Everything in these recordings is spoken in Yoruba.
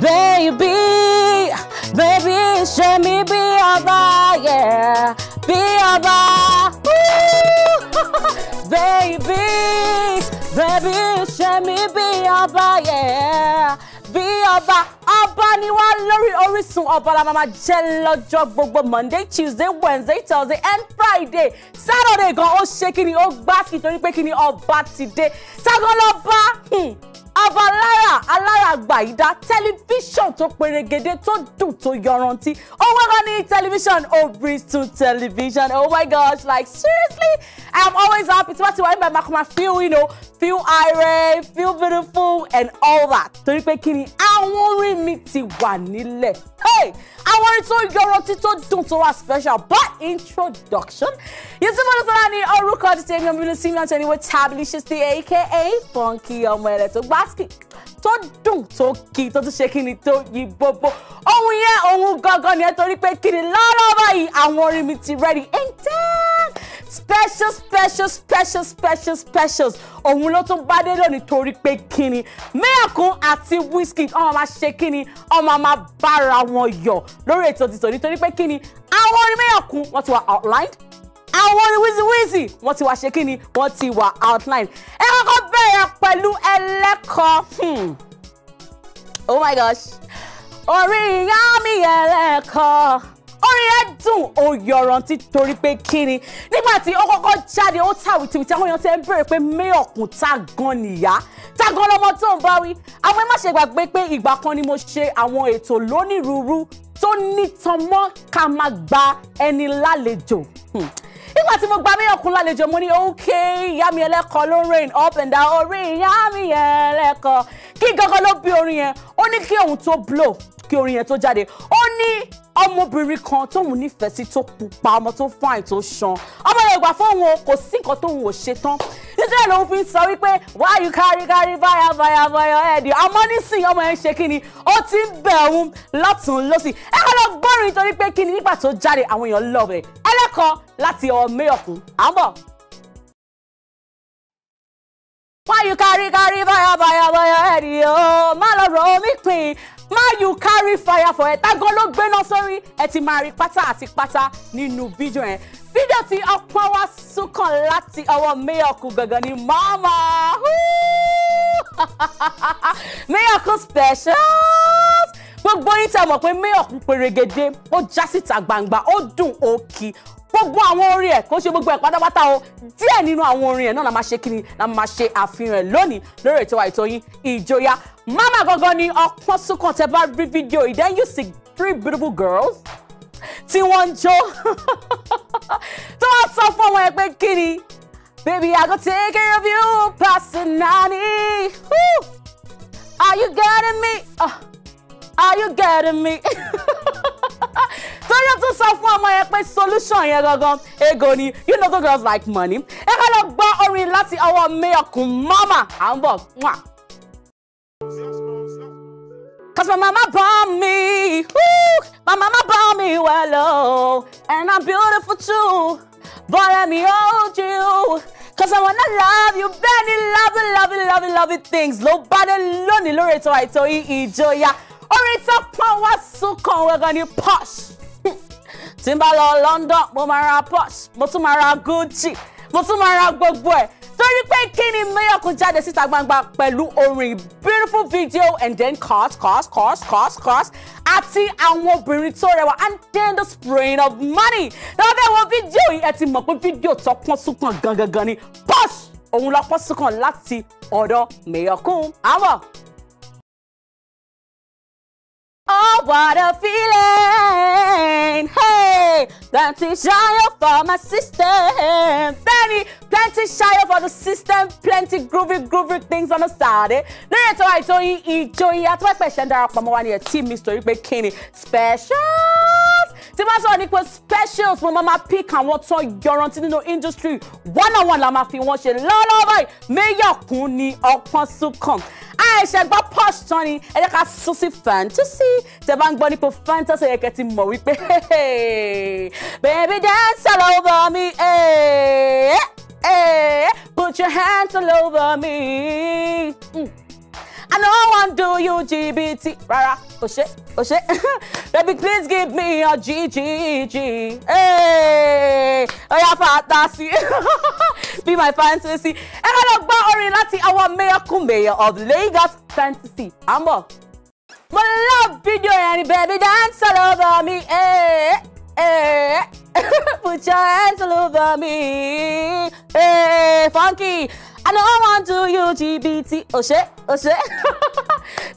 Baby, baby, me be bí ọba, yeah, be bí ọba. Baby, baby, me be bí ọba, yeah, bí ọba. Ọba ni wá lórí Orísun ọba la máa jẹ́ lọ́jọ́ gbogbo Monday, Tuesday, Wednesday, Thursday and Friday. Saturday gan ó ṣe kí ni ó gbá sí torí pé kí ni ọba ti dé. Tágọ́lọ́ba. Hmm. Avalara, aláràgbà ìdá tẹlifíṣàn tó perégedé tó dùn tó yọrantí owó kan ní tẹlifíṣàn Orísun tẹlifíṣàn oh my gosh like seriously i'm always happy tí wọ́n ti wà nígbà máa kọ́ máa feel you know feel irate feel beautiful and all that torí pé kí ni àwọn orin mi ti wà nílẹ̀ hey àwọn orin tó yọrantí tó dùn tó wà special but introduction yìí tí mo lọ sọ́ra ni orúkọ ti tèmi ọmọ inú simeon tó ní wọ́n tábìlì ṣe sí aka funky ọmọ ẹ̀rẹ̀ tó gbásíkì tó dùn tó kì tó tún ṣe kí ni tó yí gbogbo ohun yẹn ohun gangan ni ẹ torí pé kí ni lọ́rọ̀ báyìí àwọn orin mi ti ready and special, special special special special specials òun ló tún bá dé lónìí torí pé kí ni Mẹ́ẹ̀kún àti Wizkid ọmọ máa ṣe kí ni ọmọ máa bára wọn yọ lórí ètò tìtò nítorí pé kí ni àwọn orin Mẹ́ẹ̀kún wọ́n ti wà outlined àwọn orin wíṣíwíṣì wọ́n ti wá ṣe kí ni wọ́n ti wá outline ẹ kọ́kọ́ bẹ̀rẹ̀ pẹ̀lú ẹlẹ́kọ̀ọ́ hmm. oh my gosh orin ìyá mi ẹlẹ́kọ̀ọ́ orin yẹn dùn ó yọrantí torí pé kíni nígbà tí ó kọ́kọ́ jáde ó ta wìtìwìtì àwọn èèyàn ti ń béèrè pé mẹ́ọ̀kùn tá gan nìyá tá gan lọ́mọ tó ń bá wí àwọn ẹ má ṣe gbàgbé pé ìgbà kan ni mo ṣe àwọn ètò lónírúurú tó nítàn mọ́ ká máa gba ẹni lálejò. Hmm nígbà tí mo gba mílíọ̀n kún lálejò mo ní ok ìyá mi ẹlẹ́kọ ló rain up and down orí ìyá mi yẹn ẹlẹ́kọ kí gangan ló bí orin yẹn ó ní kí òun tó blow kí orin yẹn tó jáde ó ní ọmọbìnrin kan tóun nífẹ̀ẹ́ sí tó pupa ọmọ tó fine tó ṣan ọmọ Yorùbá fóun o kò sí nǹkan tóun ò ṣe tán nítorí lòun fi ń sọ wípé why you carry carry báyà báyà báyà ẹ̀ẹ́dì àmọ́ nísìnyí ọmọ yẹn ṣe kíni ó ti ń bẹ̀ òun lọ́tún lọ́sì ẹ lọ gbọ́rin torí pé kíni nígbà tó jáde àwọn èèyàn love ẹ̀ kan láti ọ mẹ́ọ̀kún à ń bọ̀. why you carry carry fire fire for your head o má lọ rọ omi pin má you carry fire for ẹ tágán ló gbéná sórí ẹ ti máa rí pátá àti pátá nínú fídíò yẹn fídíò tí ọpọ́n wá súnkàn láti ọwọ́ mẹ́ọ̀kún gangan ni màmá mẹ́ọ̀kún special gbogbo yín tẹ́ mọ̀ pé mayor kún perégedé ó já síta gbangba ó dùn ó kì gbogbo àwọn orin ẹ̀ kò ṣe gbogbo ẹ̀ pátápátá o díẹ̀ nínú àwọn orin ẹ̀ náà la máa ṣe kíni la máa ṣe àfihàn ẹ̀ lónìí lórí ètò àìtó yín ìjọyà mama gangan ni ọpọ́n súnkàn tẹ́ bá rí fídíò yìí then you see three beautiful girls tí wọ́n ń jó tí wọ́n sọ fún ọmọ ẹ̀ pé kíni baby I go take care of you Pass the nanny. are you getting me. Uh are you getting me? torí ó tún sọ fún ọmọ yẹn pé solution yẹn gangan ego ni you know those girls like money. ẹ ká lọ gbọ́ orin láti ọwọ́ mayọkùn mama à ń bọ̀ mwah. Cause my mama born me, Ooh, my mama born me well, oh, and I'm beautiful too, but let me hold you. Cause I wanna love you, baby. love you, love you, love you, love you things. Ló bá dé lónìí lórí ètò àìtó orin tó pọ́n wá sunkan wẹ́gàn ní posh tí London mo posh mo tún máa Gucci mo tún máa ra gbogbo ẹ̀ torí could kí ni mayor back jáde síta gbangba beautiful video and then cut cut cut cut cut àti àwọn obìnrin tó rẹwà and then the spraying of money now there wo fídíò yìí ẹ ti mọ̀ pé fídíò tó pọ́n súnkàn gangan ni posh òun lọ pọ́n súnkàn láti ọ̀dọ̀ mayor kún àmọ́. Oh, what a feeling! Hey, plenty shower for my sister. Benny, plenty shower for the sister pretty groovy groovy things on a Saturday lórí ètò àìtóyin ìjòyè atọ́pẹ́pẹ́sẹ̀ ń darapọ̀ mọ́ wa ní ẹ̀ tí mi sọ wípé kí ni specials tí bá sọ̀rọ̀ nípa specials mo máa ma pick àwọn tán yọrantí nínú industry one on one la máa fi wọ́n ṣe lọ́wọ́lọ́wọ́ báyìí Mayorkun ni ọpọ́n sukan àìṣẹ́ gbọ́ posh tán ni ẹ jẹ́ ká sún sí fantasy tẹ bá ń gbọ́ nípa fantasy yẹ kẹ́ ti mọ̀ wípé baby dance all over me. Eh, eh. eh put your hands all over me. Mm. I don't want to do you GBT. Rárá, kò ṣe, kò ṣe. Baby, please give me your GGG. Hey, oh yeah, fantasy. Be my fantasy. Ẹ ká lọ gbọ́ orin láti àwọn mayor kún mayor of Lagos fantasy. Àmọ́, My love video and baby dance all over me. Hey, eh, eh, hey. Eh. Put your hands all over me. Hey, funky. I don't want to LGBT. Oh shit, oh shit.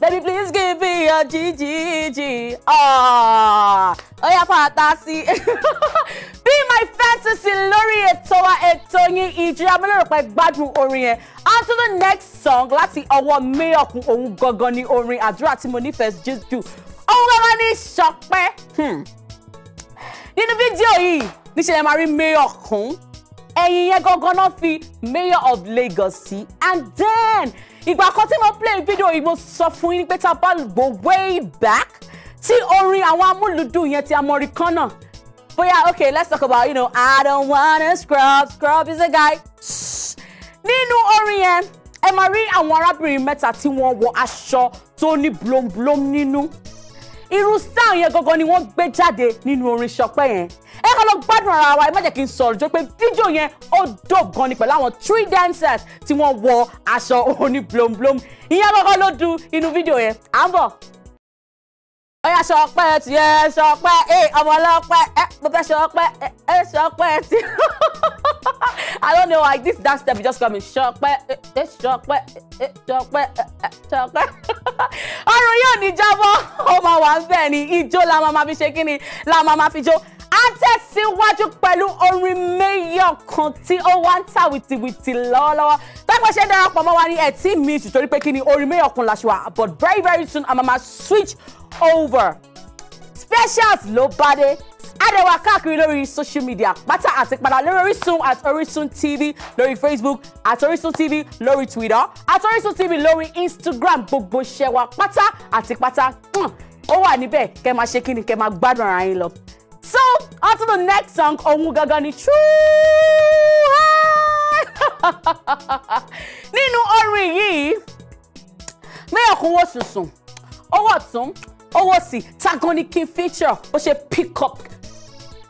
Baby, please give me a GGG. Ah, oh yeah, fantasy. Be my fantasy lórí ètò wa ètò yín ìjì amúlẹ̀rọ̀ pẹ̀ gbádùn orin yẹn. On to the next song láti ọwọ́ Mayokun òun gangan ni orin àdúrà tí just nífẹ̀ẹ́ jù. Òun gangan ni Ṣọpẹ́. Hmm nínú fídíò yìí níṣẹ́ ẹ máa rí mayor kan ẹ̀yìn yẹn gangan náà fi mayor of Lagos sí and then ìgbà kan tí mo play fídíò yìí mo sọ fún yín pé tá a go way back tí orin àwọn amúlùdùn yẹn ti amọ̀ríkánná bóyá okay let's talk about you know I don't wanna scrub scrub is a guy nínú orin yẹn ẹ máa rí àwọn arábìnrin mẹ́ta tí wọ́n wọ aṣọ tó ní blomblom nínú irú sáà yẹn gangan ni wọ́n gbé jáde nínú orin Ṣọpẹ́ yẹn ẹ kàn lọ gbádùn ara wa ẹ má jẹ́ kí n sọ̀rọ̀ jọ pé fídíò yẹn ó dò gan ni pẹ̀lú àwọn three dancers tí wọ́n wọ aṣọ oní blomblom ìyẹn kọ́kọ́ ló du inú fídíò yẹn à ń bọ̀. ọyá Ṣọpẹ́ tiẹ̀ Ṣọpẹ́ ẹ eh, ọmọ ọlọ́pẹ́ ẹ eh, mo fẹ́ Ṣọpẹ́ ẹ eh, Ṣọpẹ́ tiẹ̀. I don't know, why this dance step just coming got me ṣọpẹ́, ṣọpẹ́, ṣọpẹ́, ṣọpẹ́. Ọrùn yóò ní jábọ́, ó máa wà ń bẹ̀ ni, ijó la máa máa fi ṣe kí ni, la máa máa fi jó a tẹ̀síwájú pẹ̀lú orin mẹ́yọ̀ kan tí ó wá ń tà wìtìwìtì lọ́wọ́lọ́wọ́ tọ́pọ̀ ṣe darapọ̀ mọ́ wa ní ẹ̀tí mi jù torí pé kí ni orin mẹ́yọ̀ kan làṣùwà but very very soon I'm gonna switch over specials ló bá dé àdẹ̀wà káàkiri lórí social media pátá àti padà lórí Orísun àti Orísun TV lórí Facebook àti Orísun TV lórí Twitter àti Orísun TV lórí Instagram gbogbo iṣẹ́ wa pátá àti pátá hmm, ó wà níbẹ̀ kẹ́ máa ṣe kí ni kẹ́ máa gbádùn ara yín lọ. So, on to the next song, òun gangan ni True Nínú orin yìí, Mayor Kúnwó Sùnsùn, ọwọ́ ọ̀tún, ọwọ́ òsì, Tagonikin feature, ó ṣe pick up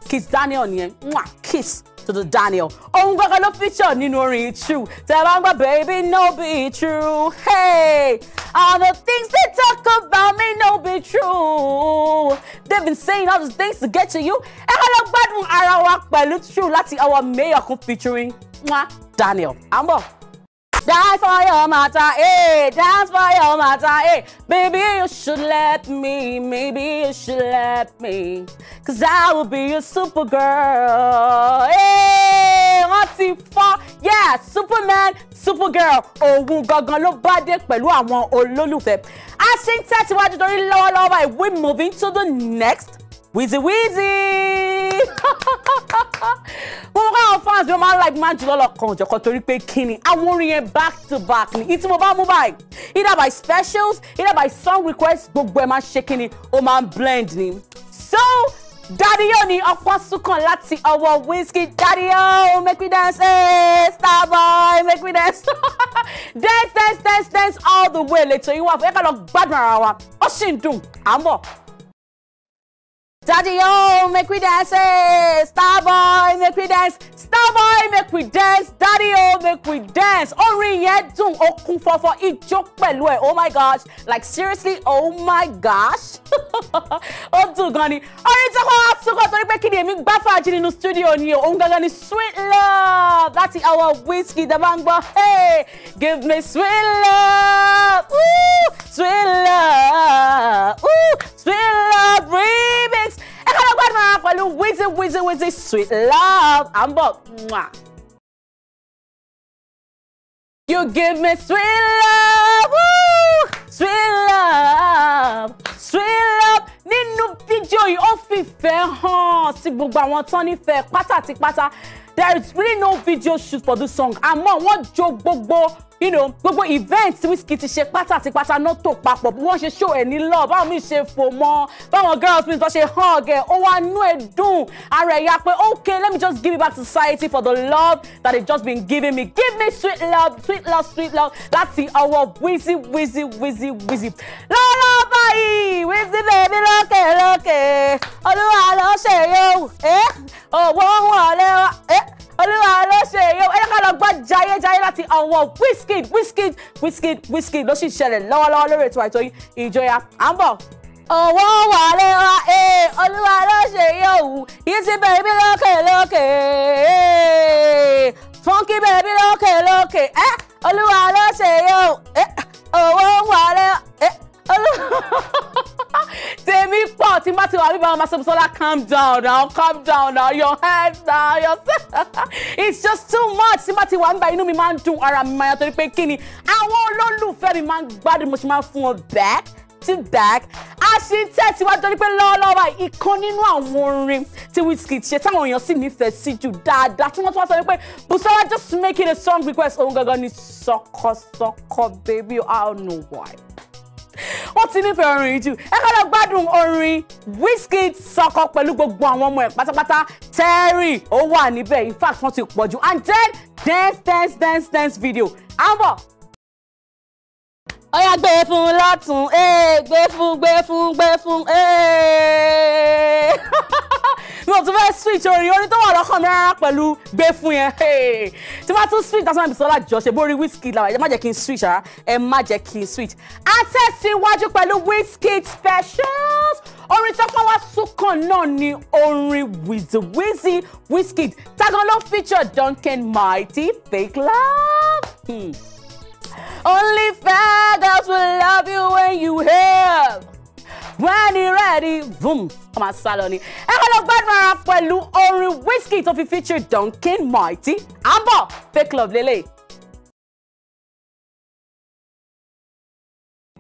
Kiss Daniel nìyẹn mwah kiss to the Daniel òun gbọ́dọ̀ ló feature nínú orin true tẹ́ bá ń gbọ́ baby no be true hey all the things they talk about me no be true they've been saying all those things to get to you ẹ kọ́ lọ gbádùn ara wa pẹ̀lú true láti ọwọ́ mayor kun featuring mwah Daniel à Die for your matter, eh? dance for your matter, eh? Baby, you should let me, maybe you should let me. Cause I will be your super girl, hey. Eh. Wọ́n ti fọ́, yeah, Superman, Supergirl, òun gangan ló bá dé pẹ̀lú àwọn olólùfẹ́. A ṣe ń tẹ̀síwájú torí lọ́wọ́lọ́wọ́ báyìí, we moving to the next Wheezy Wheezy. fans mi máa ń like máa ń jù lọ́lọ́ kan òjọ̀kan torí pé kí àwọn orin yẹn back to back ni ìtí mo bá mú báyìí either by specials either by song requests gbogbo ẹ̀ máa ń ṣe kí ni ó máa ń blend ni. so Daddy-O ni ọpọ́n súnkàn láti ọwọ́ whiskey. Daddy-O make me dance eh, star boy, make me dance dance dance dance dance all the way lẹ́tọ̀ yín wà fún ẹ̀ka lọ gbádùn ara wa ó sì ń dùn à Daddy oh, make we dance, hey. Eh? Starboy, make we dance, Starboy, make we dance, Daddy oh, make we dance. Oh, yẹn dùn, ó kún fọ́fọ́, ijó pẹ̀lú oh my gosh, like seriously, oh my gosh. Ó dùn Oh, it's a hot wọ́n wá sọ́kọ̀ torí pé kí ni èmi gbá fàájì nínú studio ni o, òun sweet love That's our whiskey The máa hey, give me sweet love, Ooh, sweet love. pẹ̀lú wizzy wizzy wizzy sweet love I'm ń bọ̀. You give me sweet love, woo, sweet love, sweet love. Nínú fídíò yìí, ó fìfẹ́ hàn sí gbogbo àwọn tó nífẹ̀ẹ́ pátátípátá there is really no video shoot for this song àmọ́ wọ́n jó gbogbo you know gbogbo event tí Wizkid ti ṣe pátá àti pátá náà tó papọ̀ bí wọ́n ṣe show ẹ̀ ní love báwọn míì ṣe fò mọ́ báwọn girls míì tó ṣe hug ẹ̀ ó wá nú ẹ̀ dùn ara ẹ̀ yá pé okay let me just give it back to society for the love that they just been giving me give me sweet love sweet love sweet love láti ọwọ́ Wizzy Wizzy Wizzy Wizzy lọ́wọ́ báyìí Wizzy baby lókè lókè olúwa ṣe yóò owó wọn lẹ́wà olúwa ló ṣe yóò ẹ jẹ́ ká lọ gbọ́ jayéjayé láti ọ̀wọ́n Wizkid Wizkid Wizkid Wizkid ló sì ṣẹlẹ̀ lọ́wọ́lọ́wọ́ lórí ètò àìtó ìjọya à ń bọ̀ owó wàlé wa ee olúwa ló ṣe yóò yìí ti bẹ̀rẹ̀ bí lókè lókè ee fúnkì bẹ̀rẹ̀ bí lókè lókè ẹ olúwa ló ṣe yóò owó wàlé ẹ olúwa bá ti wà bíbá wọn máa sọ calm down now calm down now your head down, your it's just too much tí bá ti wà nígbà man to máa ń dùn ara mi máa yàtọ̀ pé kí ni àwọn olólùfẹ́ mi máa ń back mo ṣe máa ń fún wọn back to back a ṣe ń tẹ̀síwájú torí pé lọ́wọ́lọ́wọ́ ìkan nínú àwọn orin tí Wizkid ṣe táwọn èèyàn sì nífẹ̀ẹ́ sí jù dáadáa tí wọ́n tún wá just making a song request Oh God, òun gangan suck sọkọsọkọ baby I don't know why wọ́n ti nífẹ̀ẹ́ orin yìí jù ẹ kọ́ lọ gbádùn orin Wizkid sọkọ pẹ̀lú gbogbo àwọn ọmọ ẹ̀ pátápátá tẹ́rì ó wà níbẹ̀ in fact wọ́n ti pọ̀ jù and then dance dance dance dance video àbọ̀ ọyá gbé fún lọ́tún gbé fún gbé fún gbé fún. mi ò tún fẹ́ switch orin orin tó wà lọ́kàn mi rárá pẹ̀lú gbé fún yẹn tí wọ́n tún switch Pasuma Bisola jọ ṣe bórí Wizkid làwọn ẹ má jẹ́ kí n switch rárá ẹ má jẹ́ kí n switch. a tẹ̀síwájú pẹ̀lú Wizkid specials orin tó pọ́n wá súnkàn náà ni orin wìzìwìzì Wizkid tágan ló feature Duncan Mighty fake love. Hmm. Only fair girls will love you when you have. When you ready, boom ọmọ sálọ saloni. ẹ kọ́ lọ gbádùn ara pẹ̀lú orin Wizkid tó feature Duncan Mighty àbọ̀ fake club, lele.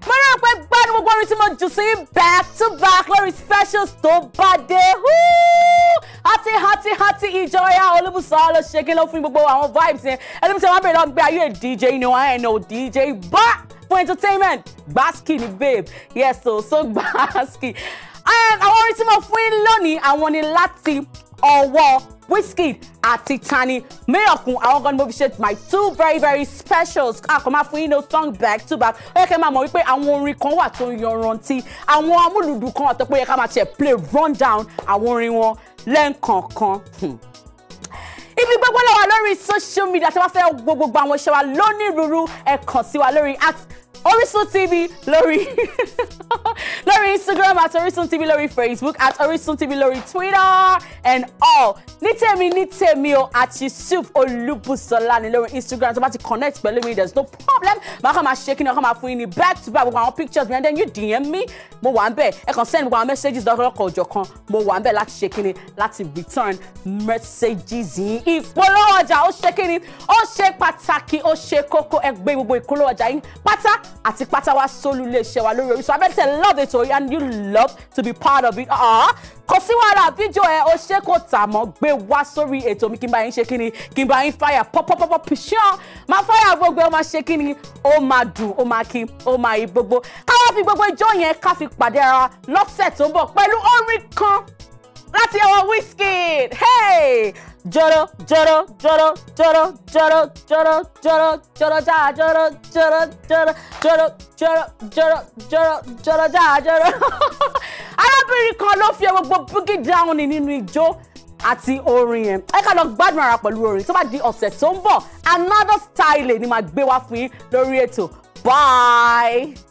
mo rà pé gbádùn gbogbo orin tí mo jù back to back lórí specials tó bá dé hati hati hati All olùbùsọ ló ṣe kí ló fún gbogbo àwọn vibes yẹn ẹni tí wọn bẹ̀rẹ̀ lọ gbé ayé DJ no, I ain't no DJ but fún entertainment gbásíkì ni babe yes so so gbásíkì àwọn orin tí mo fún yín lónìí àwọn ni láti ọwọ́ Wizkid àti Tani Mayokun àwọn gan ni mo fi ṣe my two very very specials akọ máa fún yín no song back two back ó yẹ kẹ́ máa mọ̀ wípé àwọn orin kan wà tó ń yanrantí àwọn amúlùdù kan àti pé ó yẹ ká máa tiẹ̀ play run down àwọn orin wọn lẹ́ǹkọ̀ọ̀kan. Hmm ibi gbogbo ló wà lórí social media tí wọ́n fẹ́ gbogbo àwọn iṣẹ́ wa lónírúurú ẹ kàn sí wa lórí at Orisun TV lórí lórí Instagram at Orisun TV lórí Facebook at Orisun TV lórí Twitter and all ní tèmi ní tèmi o at Yusuf Olúbùsọ̀lá ni lórí Instagram tó bá ti connect pẹ̀lú mi there is no problem màá kàn máa ṣe kí ni máa fún yín ní back to back gbogbo àwọn pictures mi and then you DM me mo wà ń bẹ̀ ẹ kàn send gbogbo àwọn messages lọ́kọ̀ọ̀kan òjọ̀kan mo wà ń bẹ̀ láti ṣe kí láti return messages yìí ìpolówó ọjà ó ṣe kí ni ó ṣe pàtàkì ó ṣe kókó ẹ gbé gbogbo ìpolówó ọjà yín pátá àti pátá wá sólú iléeṣẹ́ wa lórí Orísun abẹ́tẹ̀ love it orí and you love to be part of it ah, ah. kò sí wàhálà fídíò ẹ o ṣé kò tà mọ́ gbé wá sórí ètò mi kí n bá yín ṣe kí ni kí n bá yín fàyà pọ́pọ́pọ́pọ́ pìṣán máa fàyà gbogbo ẹ ó máa ṣe kí ni ó máa dùn ó máa kí ó máa yí gbogbo káwá fi gbogbo ìjọ yẹn ká fi pàdé ara lọ́sẹ̀ tó ń bọ̀ pẹ̀lú orin kan láti ọwọ́ Wizkid hey jọrọ jọrọ jọrọ jọrọ jọrọ jọrọ jọrọ jọrọ já jọrọ jọrọ jọrọ jọrọ jọrọ jọrọ jọrọ jọrọ já jọrọ. arábìnrin kan ló fi gbogbo boogie down nínú ijó àti orin yẹn ẹ ká lọ gbádùn ara pẹ̀lú orin tó bá di ọ̀sẹ̀ tó ń bọ̀ another style ni màá gbé wá fún yín lórí ètò bye.